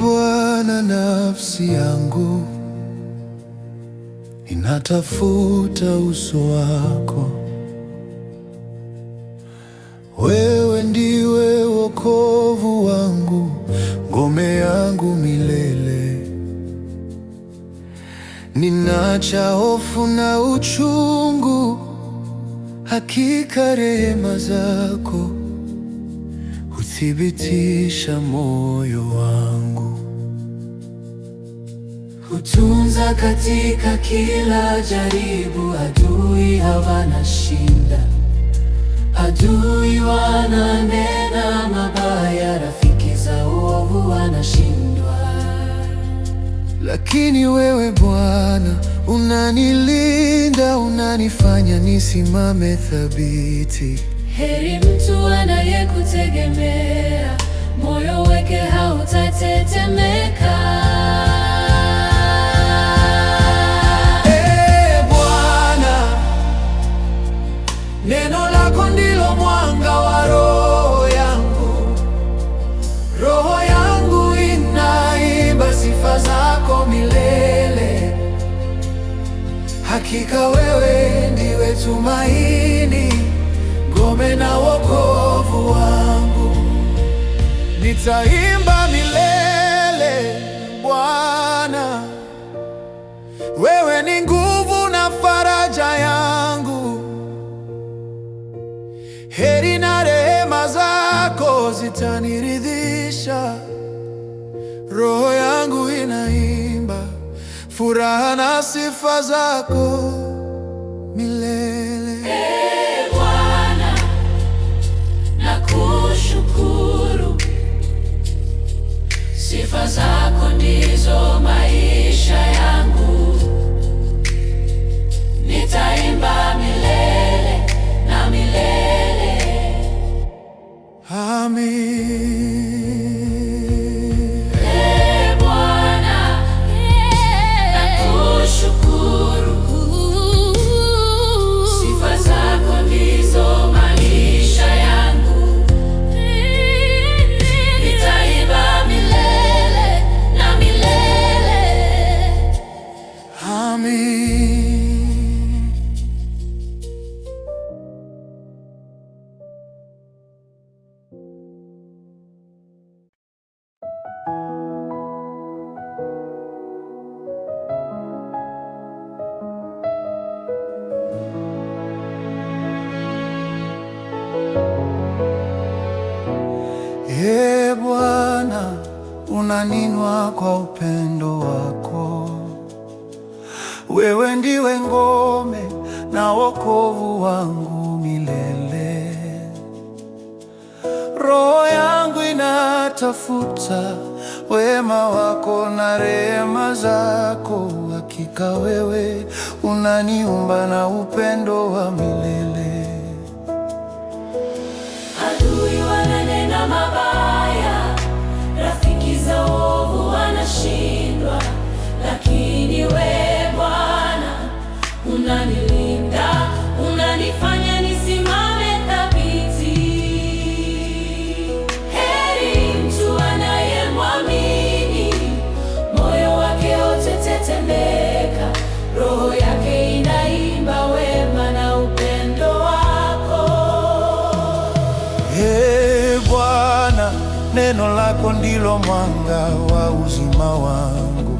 Bwana, nafsi yangu inatafuta uso wako. Wewe ndiwe wokovu wangu, ngome yangu milele. Ninacha hofu na uchungu, hakika rehema zako huthibitisha moyo wangu kutunza katika kila jaribu, adui hawanashinda. Adui wananena mabaya, rafiki za uovu wanashindwa, lakini wewe Bwana unanilinda, unanifanya nisimame thabiti. Heri mtu anayekutegemea, moyo wake hautatetemeka. lako ndilo mwanga wa roho yangu, roho yangu inaimba sifa zako milele. Hakika wewe ndiwe tumaini, ngome na wokovu wangu, nitaimba Heri na rehema zako zitaniridhisha, roho yangu inaimba furaha na sifa zako milele. Ee sifa zako ndizo maisha yangu. unaninwa kwa upendo wako. Wewe ndiwe ngome na wokovu wangu milele. Roho yangu inatafuta wema wako na rehema zako. Hakika wewe unaniumba na upendo wa milele. neno lako ndilo mwanga wa uzima wangu.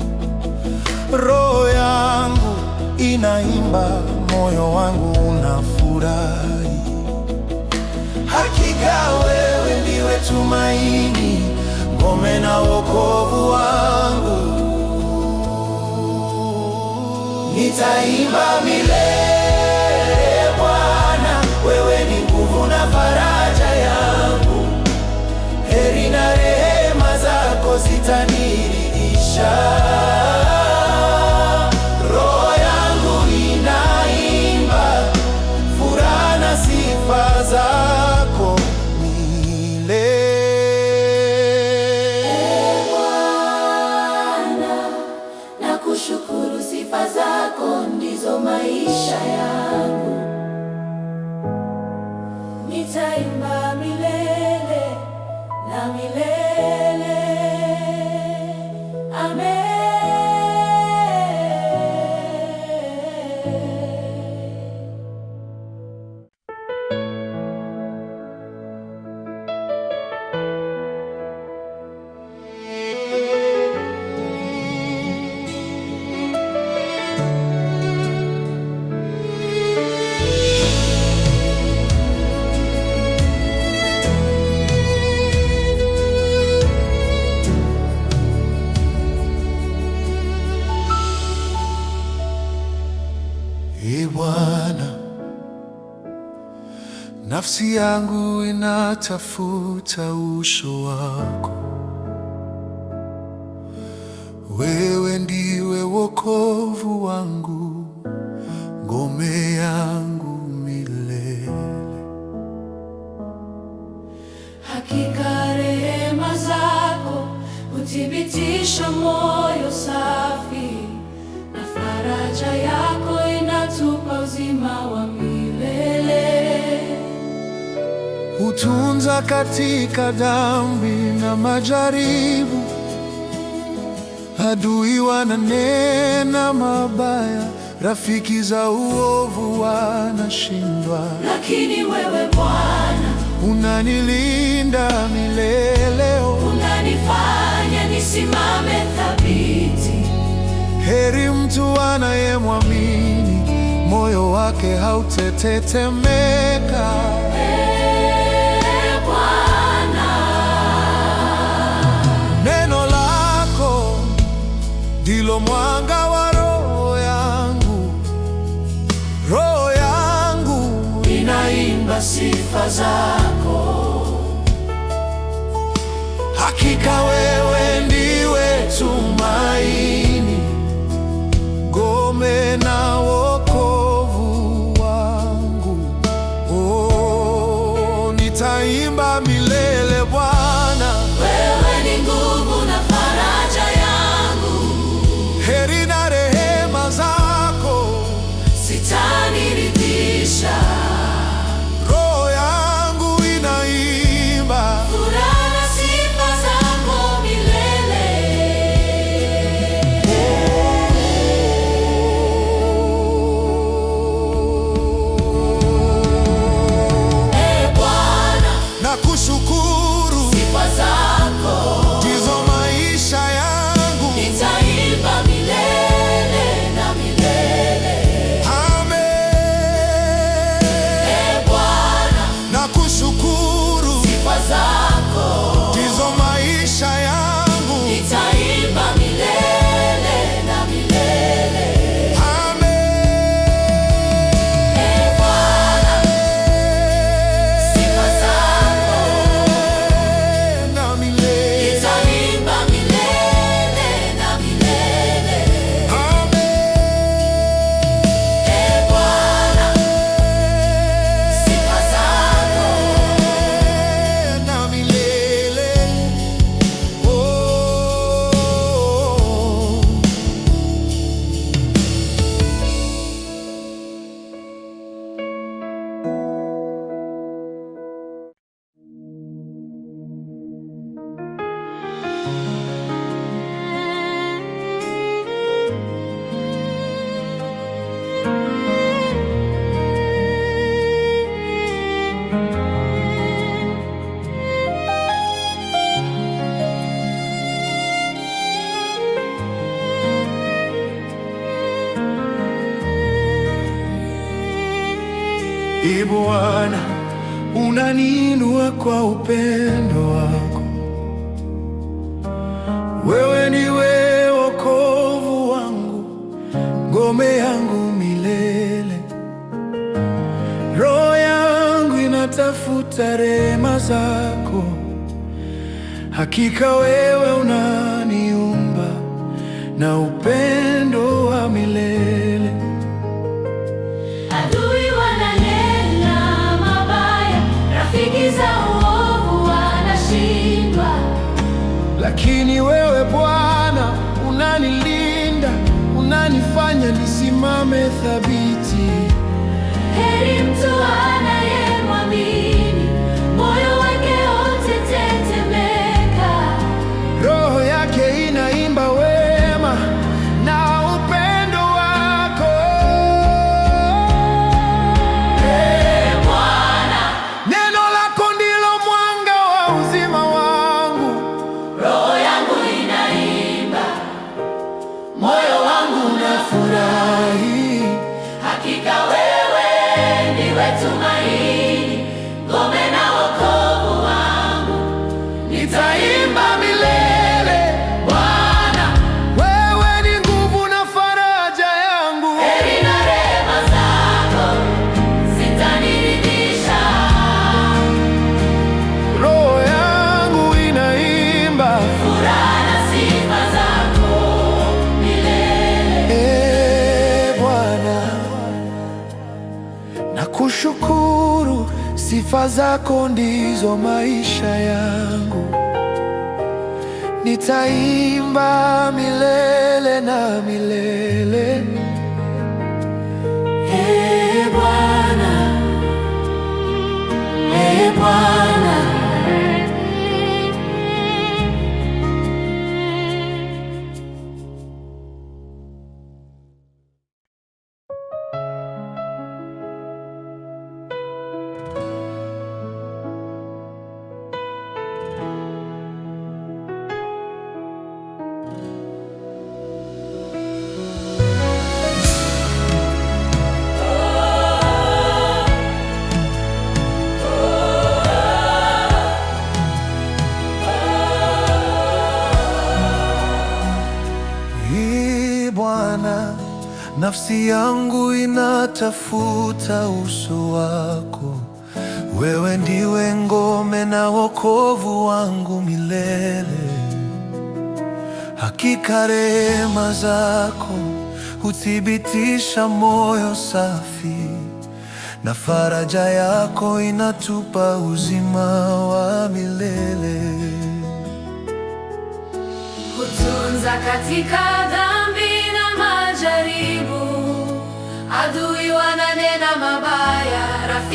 Roho yangu inaimba, moyo wangu unafurahi. Hakika wewe ndiwe tumaini, ngome na wokovu wangu, nitaimba milele. ndizo maisha ya Nafsi yangu inatafuta uso wako, wewe ndiwe wokovu wangu. katika dhambi na majaribu, adui wananena mabaya, rafiki za uovu wanashindwa, lakini wewe Bwana unanilinda milele, oh. unanifanya nisimame thabiti. Heri mtu anayemwamini, moyo wake hautetetemeka. fazer. E Bwana, unaniinua kwa upendo wako. Wewe ndiwe wokovu wangu, ngome yangu milele. Roho yangu inatafuta rehema zako. Hakika wewe unaniumba na upendo wa milele. Lakini wewe Bwana unanilinda, unanifanya nisimame thabiti. Heri keep going. kushukuru, sifa zako ndizo maisha yangu. Nitaimba milele na milele. Ee Bwana, Ee Bwana. Nafsi yangu inatafuta uso wako, wewe ndiwe ngome na wokovu wangu milele. Hakika rehema zako huthibitisha moyo safi, na faraja yako inatupa uzima wa milele. Hutunza katika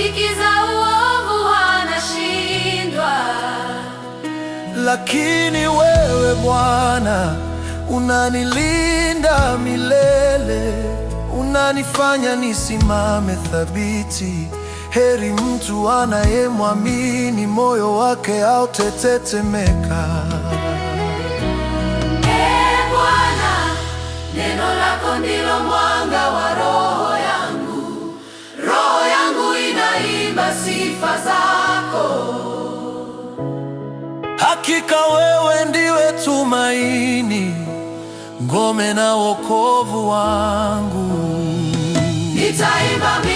rafiki za uovu wanashindwa, lakini wewe Bwana unanilinda milele, unanifanya nisimame thabiti. Heri mtu anayemwamini, moyo wake hautetetemeka. sifa zako. Hakika wewe ndiwe tumaini, ngome na wokovu wangu, nitaimba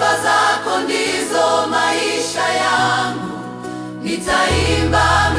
sifa zako ndizo maisha yangu, nitaimba